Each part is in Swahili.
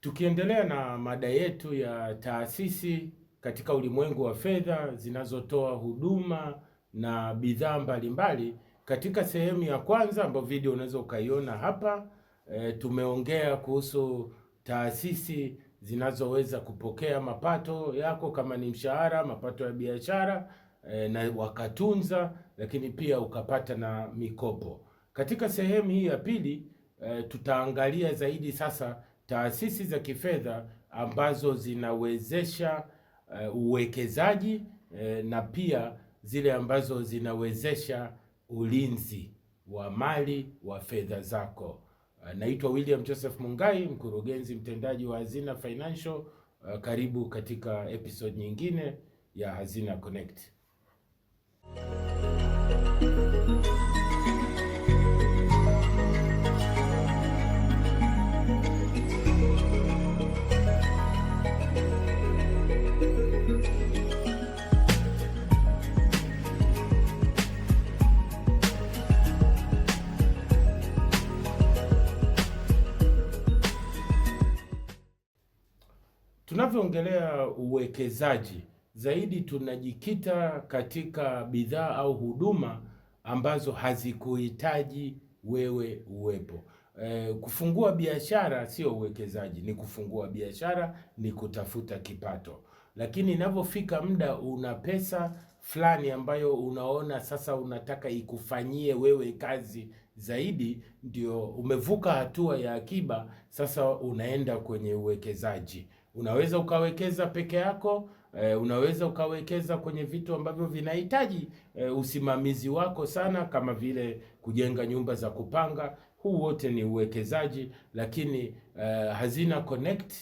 Tukiendelea na mada yetu ya taasisi katika ulimwengu wa fedha zinazotoa huduma na bidhaa mbalimbali, katika sehemu ya kwanza ambayo video unaweza ukaiona hapa e, tumeongea kuhusu taasisi zinazoweza kupokea mapato yako kama ni mshahara, mapato ya biashara e, na wakatunza, lakini pia ukapata na mikopo. Katika sehemu hii ya pili e, tutaangalia zaidi sasa taasisi za kifedha ambazo zinawezesha uh, uwekezaji uh, na pia zile ambazo zinawezesha ulinzi wa mali wa fedha zako. Uh, naitwa William Joseph Mungai, mkurugenzi mtendaji wa Hazina Financial. Uh, karibu katika episode nyingine ya Hazina Connect. Tunavyoongelea uwekezaji zaidi, tunajikita katika bidhaa au huduma ambazo hazikuhitaji wewe uwepo. E, kufungua biashara sio uwekezaji, ni kufungua biashara, ni kutafuta kipato. Lakini inavyofika muda una pesa fulani ambayo unaona sasa unataka ikufanyie wewe kazi zaidi, ndio umevuka hatua ya akiba, sasa unaenda kwenye uwekezaji. Unaweza ukawekeza peke yako e, unaweza ukawekeza kwenye vitu ambavyo vinahitaji e, usimamizi wako sana, kama vile kujenga nyumba za kupanga. Huu wote ni uwekezaji, lakini e, Hazina Connect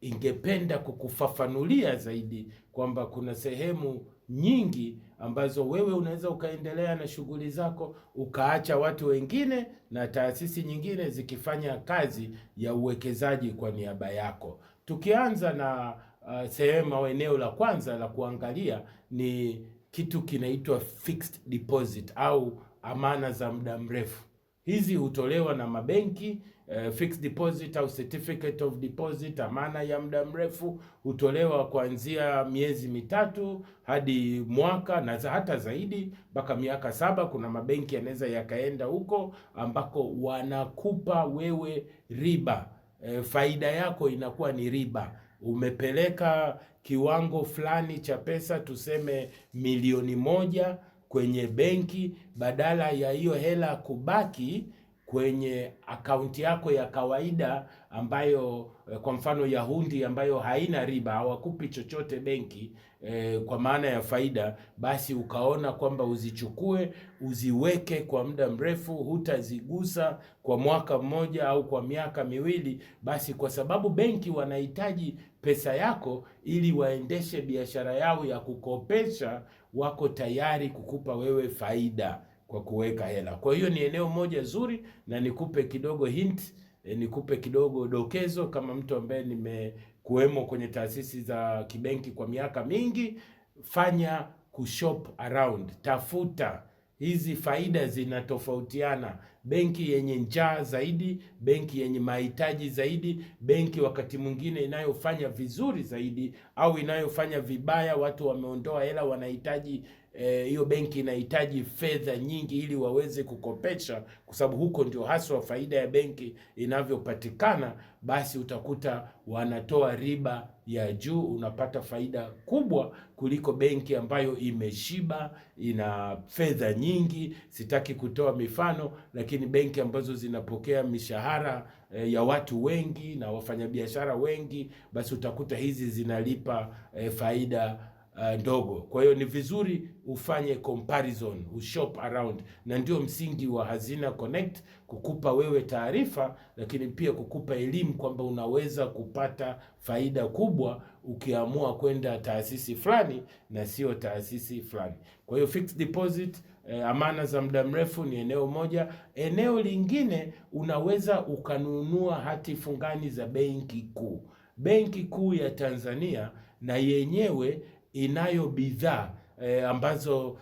ingependa kukufafanulia zaidi kwamba kuna sehemu nyingi ambazo wewe unaweza ukaendelea na shughuli zako ukaacha watu wengine na taasisi nyingine zikifanya kazi ya uwekezaji kwa niaba yako. Tukianza na uh, sehemu au eneo la kwanza la kuangalia ni kitu kinaitwa fixed deposit au amana za muda mrefu. Hizi hutolewa na mabenki uh, fixed deposit au certificate of deposit, amana ya muda mrefu hutolewa kuanzia miezi mitatu hadi mwaka na hata zaidi mpaka miaka saba. Kuna mabenki yanaweza yakaenda huko ambako wanakupa wewe riba e, faida yako inakuwa ni riba. Umepeleka kiwango fulani cha pesa, tuseme milioni moja kwenye benki, badala ya hiyo hela kubaki kwenye akaunti yako ya kawaida ambayo eh, kwa mfano ya hundi ambayo haina riba, hawakupi chochote benki eh, kwa maana ya faida, basi ukaona kwamba uzichukue uziweke kwa muda mrefu, hutazigusa kwa mwaka mmoja au kwa miaka miwili, basi kwa sababu benki wanahitaji pesa yako ili waendeshe biashara yao ya kukopesha, wako tayari kukupa wewe faida kwa kuweka hela. Kwa hiyo ni eneo moja zuri, na nikupe kidogo hint, eh, nikupe kidogo dokezo kama mtu ambaye nimekuwemo kwenye taasisi za kibenki kwa miaka mingi, fanya kushop around, tafuta hizi faida zinatofautiana. Benki yenye njaa zaidi, benki yenye mahitaji zaidi, benki wakati mwingine inayofanya vizuri zaidi au inayofanya vibaya, watu wameondoa hela, wanahitaji Eh, hiyo e, benki inahitaji fedha nyingi ili waweze kukopesha, kwa sababu huko ndio haswa faida ya benki inavyopatikana. Basi utakuta wanatoa riba ya juu, unapata faida kubwa kuliko benki ambayo imeshiba, ina fedha nyingi. Sitaki kutoa mifano, lakini benki ambazo zinapokea mishahara e, ya watu wengi na wafanyabiashara wengi, basi utakuta hizi zinalipa e, faida uh, ndogo. Kwa hiyo ni vizuri ufanye comparison, ushop around, na ndio msingi wa Hazina Connect kukupa wewe taarifa, lakini pia kukupa elimu kwamba unaweza kupata faida kubwa ukiamua kwenda taasisi fulani na sio taasisi fulani. Kwa hiyo fixed deposit eh, amana za muda mrefu ni eneo moja. Eneo lingine unaweza ukanunua hati fungani za benki kuu. Benki Kuu ya Tanzania na yenyewe inayo bidhaa e, ambazo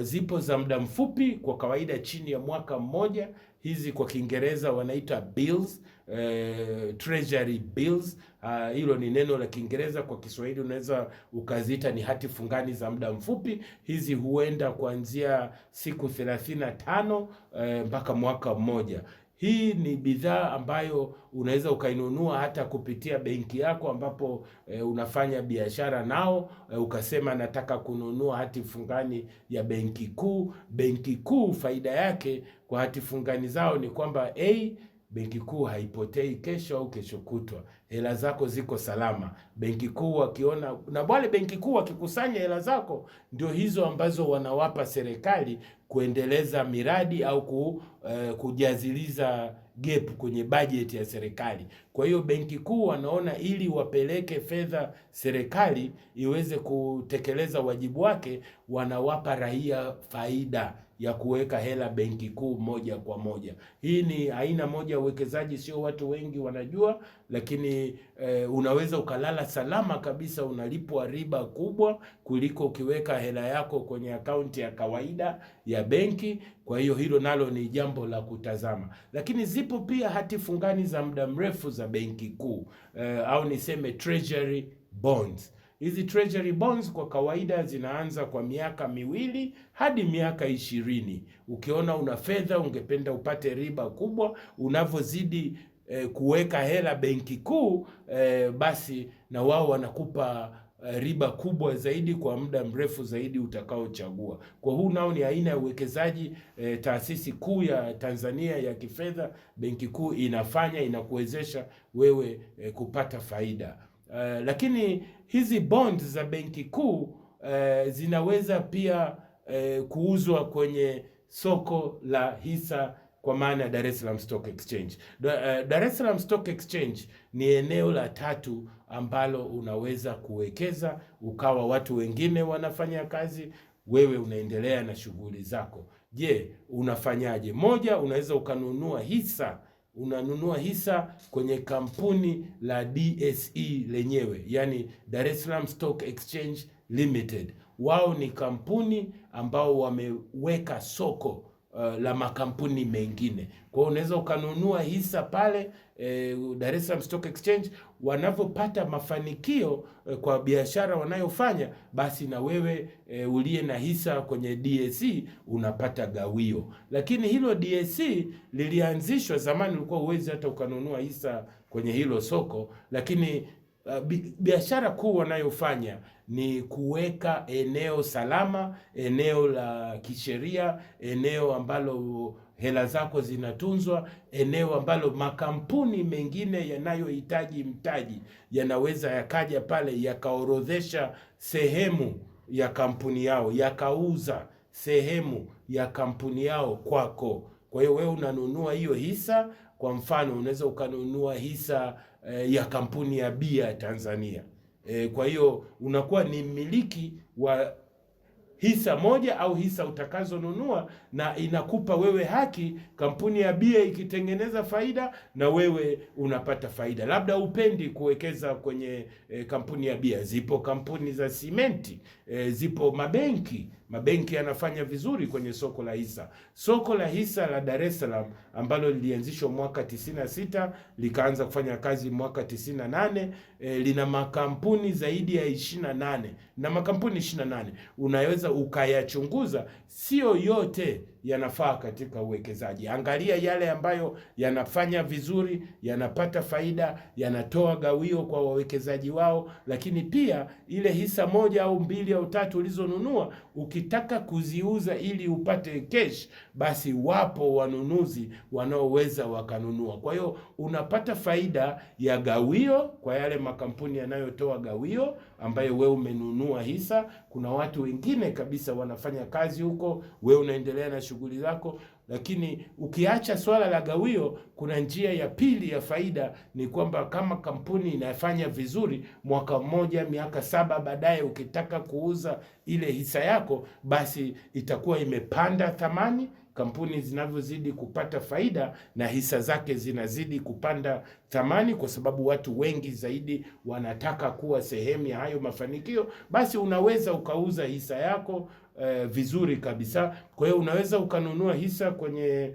e, zipo za muda mfupi, kwa kawaida chini ya mwaka mmoja. Hizi kwa Kiingereza wanaita bills, e, treasury bills. Ah, hilo ni neno la Kiingereza, kwa Kiswahili unaweza ukaziita ni hati fungani za muda mfupi. Hizi huenda kuanzia siku 35 mpaka e, mwaka mmoja. Hii ni bidhaa ambayo unaweza ukainunua hata kupitia benki yako ambapo e, unafanya biashara nao e, ukasema nataka kununua hati fungani ya benki kuu. Benki kuu faida yake kwa hati fungani zao ni kwamba a benki kuu haipotei kesho au kesho kutwa, hela zako ziko salama. Benki kuu wakiona, na wale benki kuu wakikusanya hela zako, ndio hizo ambazo wanawapa serikali kuendeleza miradi au ku Eh, kujaziliza gap kwenye bajeti ya serikali. Kwa hiyo benki kuu wanaona ili wapeleke fedha serikali iweze kutekeleza wajibu wake, wanawapa raia faida ya kuweka hela benki kuu moja kwa moja. Hii ni aina moja ya uwekezaji, sio watu wengi wanajua, lakini e, unaweza ukalala salama kabisa, unalipwa riba kubwa kuliko ukiweka hela yako kwenye akaunti ya kawaida ya benki, kwa hiyo hilo nalo ni jambo la kutazama, lakini zipo pia hati fungani za muda mrefu za benki kuu eh, au niseme treasury bonds. Hizi treasury bonds kwa kawaida zinaanza kwa miaka miwili hadi miaka ishirini. Ukiona una fedha ungependa upate riba kubwa, unavyozidi eh, kuweka hela benki kuu eh, basi na wao wanakupa Eh, riba kubwa zaidi kwa muda mrefu zaidi utakaochagua. Kwa huu nao ni aina ya uwekezaji e, taasisi kuu ya Tanzania ya kifedha, benki kuu inafanya inakuwezesha wewe e, kupata faida e, lakini hizi bond za benki kuu e, zinaweza pia e, kuuzwa kwenye soko la hisa kwa maana ya Dar es Salaam Stock Exchange. Eh, Dar es Salaam Stock Exchange ni eneo la tatu ambalo unaweza kuwekeza ukawa watu wengine wanafanya kazi, wewe unaendelea na shughuli zako. Je, unafanyaje? Moja, unaweza ukanunua hisa unanunua hisa kwenye kampuni la DSE lenyewe, yani Dar es Salaam Stock Exchange Limited. Wao ni kampuni ambao wameweka soko uh, la makampuni mengine. Kwa hiyo unaweza ukanunua hisa pale eh, Dar es Salaam Stock Exchange. Wanavyopata mafanikio eh, kwa biashara wanayofanya, basi na wewe eh, uliye na hisa kwenye DSE unapata gawio. Lakini hilo DSE lilianzishwa zamani, ulikuwa uwezi hata ukanunua hisa kwenye hilo soko, lakini Uh, biashara kuu wanayofanya ni kuweka eneo salama, eneo la kisheria, eneo ambalo hela zako zinatunzwa, eneo ambalo makampuni mengine yanayohitaji mtaji yanaweza yakaja pale yakaorodhesha sehemu ya kampuni yao, yakauza sehemu ya kampuni yao kwako. Kwa hiyo wewe unanunua hiyo hisa, kwa mfano unaweza ukanunua hisa eh, ya kampuni ya bia ya Tanzania. Eh, kwa hiyo unakuwa ni mmiliki wa hisa moja au hisa utakazonunua na inakupa wewe haki, kampuni ya bia ikitengeneza faida na wewe unapata faida. Labda upendi kuwekeza kwenye e, kampuni ya bia, zipo kampuni za simenti e, zipo mabenki mabenki yanafanya vizuri kwenye soko la hisa. Soko la hisa la Dar es Salaam ambalo lilianzishwa mwaka 96 likaanza kufanya kazi mwaka 98, e, lina makampuni zaidi ya 28 na makampuni 28 unaweza ukayachunguza, sio yote yanafaa katika uwekezaji. Angalia yale ambayo yanafanya vizuri, yanapata faida, yanatoa gawio kwa wawekezaji wao, lakini pia ile hisa moja au mbili au tatu ulizonunua ukitaka kuziuza ili upate cash, basi wapo wanunuzi wanaoweza wakanunua. Kwa hiyo unapata faida ya gawio kwa yale makampuni yanayotoa gawio ambayo we umenunua hisa. Kuna watu wengine kabisa wanafanya kazi huko, we unaendelea na shughuli zako. Lakini ukiacha swala la gawio, kuna njia ya pili ya faida, ni kwamba kama kampuni inafanya vizuri mwaka mmoja, miaka saba baadaye, ukitaka kuuza ile hisa yako, basi itakuwa imepanda thamani kampuni zinavyozidi kupata faida na hisa zake zinazidi kupanda thamani, kwa sababu watu wengi zaidi wanataka kuwa sehemu ya hayo mafanikio, basi unaweza ukauza hisa yako eh, vizuri kabisa. Kwa hiyo unaweza ukanunua hisa kwenye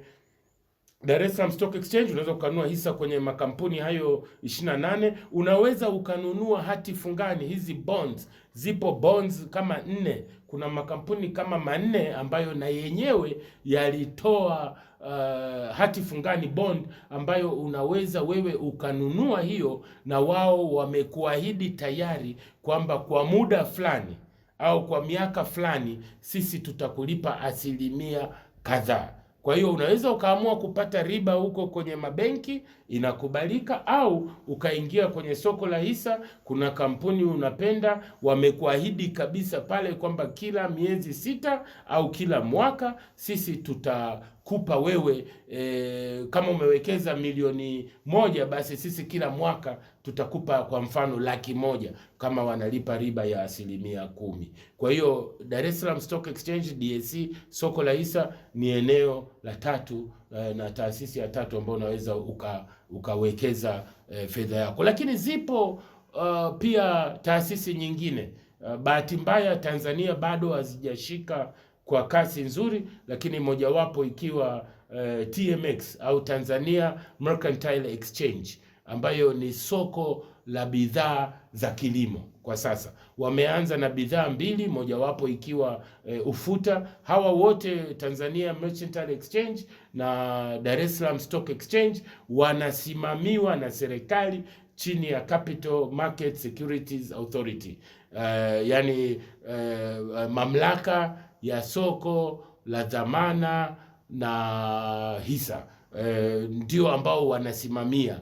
Dar es Salaam Stock Exchange, unaweza ukanunua hisa kwenye makampuni hayo 28. Unaweza ukanunua hati fungani hizi bonds. Zipo bonds kama nne, kuna makampuni kama manne ambayo na yenyewe yalitoa uh, hati fungani bond ambayo unaweza wewe ukanunua hiyo, na wao wamekuahidi tayari kwamba kwa muda fulani au kwa miaka fulani sisi tutakulipa asilimia kadhaa. Kwa hiyo unaweza ukaamua kupata riba huko kwenye mabenki inakubalika, au ukaingia kwenye soko la hisa. Kuna kampuni unapenda, wamekuahidi kabisa pale kwamba kila miezi sita au kila mwaka sisi tutakupa wewe e, kama umewekeza milioni moja basi sisi kila mwaka tutakupa kwa mfano laki moja kama wanalipa riba ya asilimia kumi. Kwa hiyo Dar es Salaam Stock Exchange DSE, soko la hisa ni eneo la tatu eh, na taasisi ya tatu ambayo unaweza uka, ukawekeza e, fedha yako, lakini zipo uh, pia taasisi nyingine uh, bahati mbaya Tanzania bado hazijashika kwa kasi nzuri, lakini mojawapo ikiwa uh, TMX au Tanzania Mercantile Exchange ambayo ni soko la bidhaa za kilimo kwa sasa. Wameanza na bidhaa mbili, mojawapo ikiwa e, ufuta. Hawa wote Tanzania Mercantile Exchange na Dar es Salaam Stock Exchange wanasimamiwa na serikali chini ya Capital Market Securities Authority uh, yani uh, mamlaka ya soko la dhamana na hisa uh, ndio ambao wanasimamia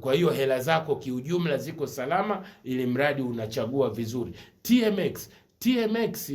kwa hiyo hela zako kiujumla ziko salama, ili mradi unachagua vizuri. TMX TMX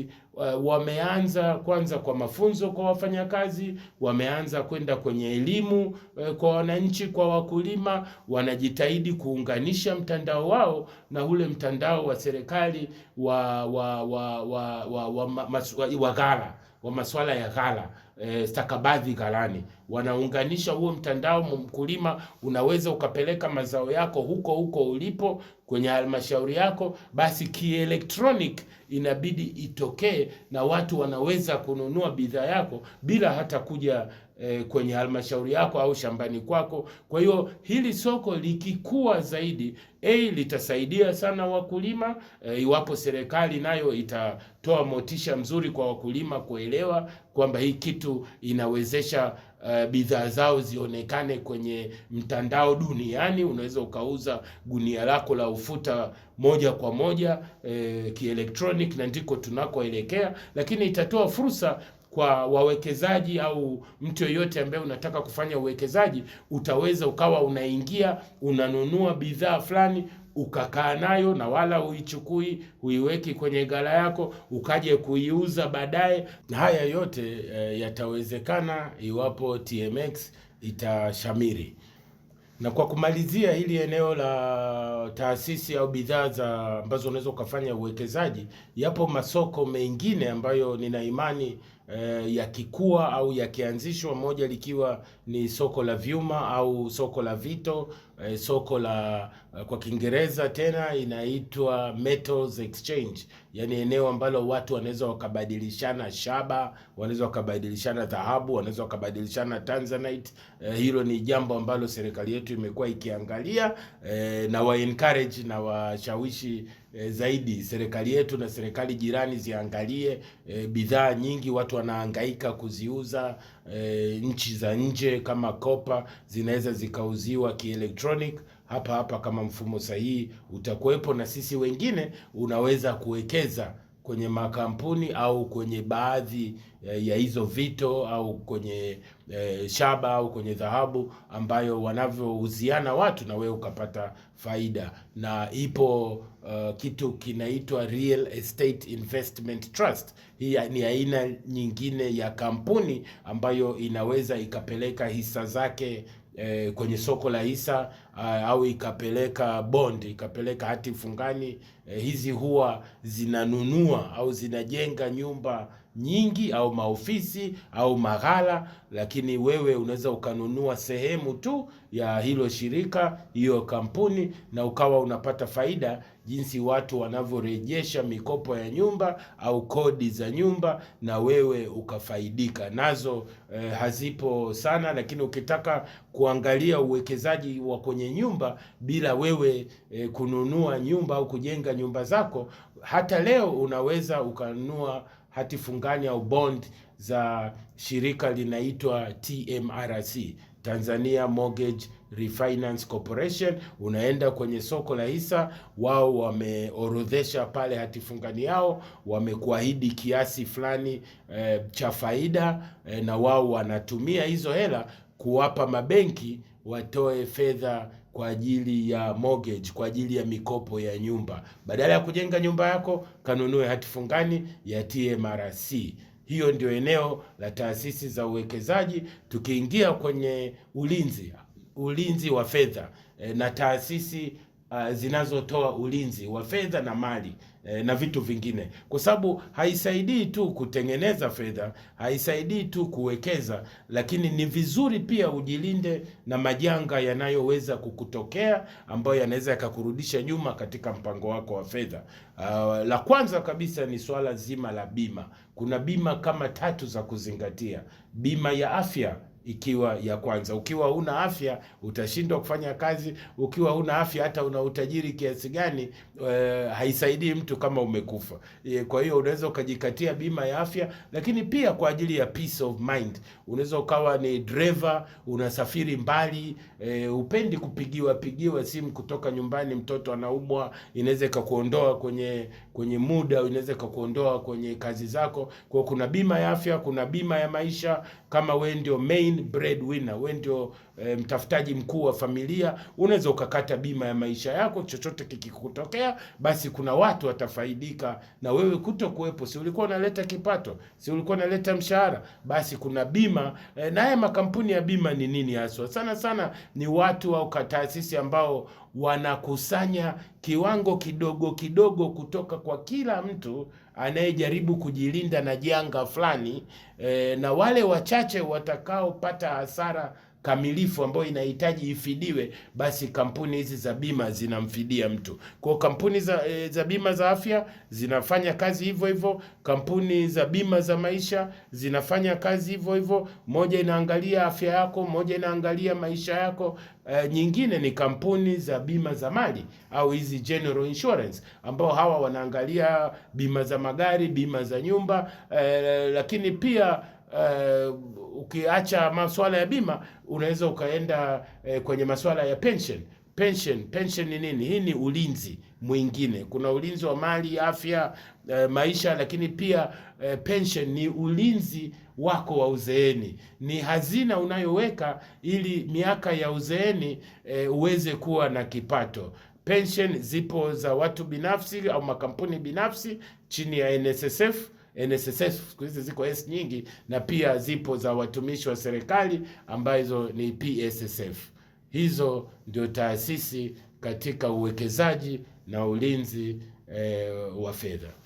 wameanza kwanza kwa mafunzo kwa wafanyakazi, wameanza kwenda kwenye elimu kwa wananchi, kwa wakulima. Wanajitahidi kuunganisha mtandao wao na ule mtandao wa serikali wa wa wa wa, wa, wa, wa, wa, wa, wa, wa wa, wa masuala ya ghala e, stakabadhi ghalani, wanaunganisha huo mtandao. Mkulima unaweza ukapeleka mazao yako huko huko ulipo kwenye halmashauri yako, basi kielektronik inabidi itokee na watu wanaweza kununua bidhaa yako bila hata kuja e, kwenye halmashauri yako au shambani kwako. Kwa hiyo hili soko likikua zaidi a litasaidia sana wakulima e, iwapo serikali nayo itatoa motisha mzuri kwa wakulima kuelewa kwamba hii kitu inawezesha uh, bidhaa zao zionekane kwenye mtandao duniani. Unaweza ukauza gunia lako la ufuta moja kwa moja eh, kielektronic, na ndiko tunakoelekea, lakini itatoa fursa kwa wawekezaji au mtu yoyote ambaye unataka kufanya uwekezaji, utaweza ukawa unaingia unanunua bidhaa fulani ukakaa nayo na wala huichukui, huiweki kwenye gala yako, ukaje kuiuza baadaye. Na haya yote e, yatawezekana iwapo TMX itashamiri. Na kwa kumalizia, hili eneo la taasisi au bidhaa za ambazo unaweza ukafanya uwekezaji, yapo masoko mengine ambayo nina imani e, yakikua au yakianzishwa, moja likiwa ni soko la vyuma au soko la vito eh, soko la eh, kwa Kiingereza tena inaitwa metals exchange, yaani eneo ambalo watu wanaweza wakabadilishana shaba, wanaweza wakabadilishana dhahabu, wanaweza wakabadilishana tanzanite. Eh, hilo ni jambo ambalo serikali yetu imekuwa ikiangalia eh, na wa encourage na washawishi e, zaidi serikali yetu na serikali jirani ziangalie e, bidhaa nyingi watu wanaangaika kuziuza e, nchi za nje kama kopa zinaweza zikauziwa kielektronic hapa hapa, kama mfumo sahihi utakuwepo, na sisi wengine unaweza kuwekeza kwenye makampuni au kwenye baadhi e, ya hizo vito au kwenye e, shaba au kwenye dhahabu ambayo wanavyouziana watu na wewe ukapata faida. Na ipo uh, kitu kinaitwa Real Estate Investment Trust. Hii ni aina nyingine ya kampuni ambayo inaweza ikapeleka hisa zake e, kwenye soko la hisa eh, au ikapeleka bond ikapeleka hati fungani e, hizi huwa zinanunua au zinajenga nyumba nyingi au maofisi au maghala, lakini wewe unaweza ukanunua sehemu tu ya hilo shirika, hiyo kampuni na ukawa unapata faida jinsi watu wanavyorejesha mikopo ya nyumba au kodi za nyumba na wewe ukafaidika nazo. Eh, hazipo sana, lakini ukitaka kuangalia uwekezaji wa kwenye nyumba bila wewe eh, kununua nyumba au kujenga nyumba zako, hata leo unaweza ukanunua hati fungani au bond za shirika linaitwa TMRC, Tanzania Mortgage Refinance Corporation, unaenda kwenye soko la hisa, wao wameorodhesha pale hatifungani yao, wamekuahidi kiasi fulani e, cha faida e, na wao wanatumia hizo hela kuwapa mabenki watoe fedha kwa ajili ya mortgage, kwa ajili ya mikopo ya nyumba. Badala ya kujenga nyumba yako, kanunue hatifungani ya TMRC. Hiyo ndio eneo la taasisi za uwekezaji. Tukiingia kwenye ulinzi ulinzi wa fedha e, na taasisi uh, zinazotoa ulinzi wa fedha na mali e, na vitu vingine, kwa sababu haisaidii tu kutengeneza fedha, haisaidii tu kuwekeza, lakini ni vizuri pia ujilinde na majanga yanayoweza kukutokea ambayo yanaweza yakakurudisha nyuma katika mpango wako wa fedha. Uh, la kwanza kabisa ni swala zima la bima. Kuna bima kama tatu za kuzingatia: bima ya afya ikiwa ya kwanza. Ukiwa huna afya utashindwa kufanya kazi. Ukiwa huna afya, hata una utajiri kiasi gani, e, haisaidii mtu kama umekufa. E, kwa hiyo unaweza ukajikatia bima ya afya, lakini pia kwa ajili ya peace of mind. Unaweza ukawa ni dreva unasafiri mbali, e, eh, upendi kupigiwa pigiwa simu kutoka nyumbani, mtoto anaumwa, inaweza ikakuondoa kwenye kwenye muda, inaweza ikakuondoa kwenye kazi zako. Kwa kuna bima ya afya, kuna bima ya maisha kama wewe ndio main main breadwinner. Wewe ndio e, mtafutaji mkuu wa familia, unaweza ukakata bima ya maisha yako. Chochote kikikutokea, basi kuna watu watafaidika na wewe kuto kuwepo. Si ulikuwa unaleta kipato? Si ulikuwa unaleta mshahara? Basi kuna bima e, na haya makampuni ya bima ni nini haswa? Sana sana ni watu au taasisi ambao wanakusanya kiwango kidogo kidogo kutoka kwa kila mtu anayejaribu kujilinda na janga fulani e, na wale wachache watakaopata hasara kamilifu ambayo inahitaji ifidiwe, basi kampuni hizi za bima zinamfidia mtu. Kwa kampuni za, e, za bima za afya zinafanya kazi hivyo hivyo, kampuni za bima za maisha zinafanya kazi hivyo hivyo. Moja inaangalia afya yako, moja inaangalia maisha yako. E, nyingine ni kampuni za bima za mali au hizi general insurance, ambao hawa wanaangalia bima za magari, bima za nyumba, e, lakini pia uh, ukiacha masuala ya bima unaweza ukaenda uh, kwenye masuala ya pension. Pension, pension ni nini? Hii ni ulinzi mwingine. Kuna ulinzi wa mali, afya, uh, maisha, lakini pia uh, pension ni ulinzi wako wa uzeeni, ni hazina unayoweka ili miaka ya uzeeni uh, uweze kuwa na kipato. Pension zipo za watu binafsi au makampuni binafsi chini ya NSSF NSSF siku hizi ziko S nyingi, na pia zipo za watumishi wa serikali ambazo ni PSSF. Hizo ndio taasisi katika uwekezaji na ulinzi eh, wa fedha.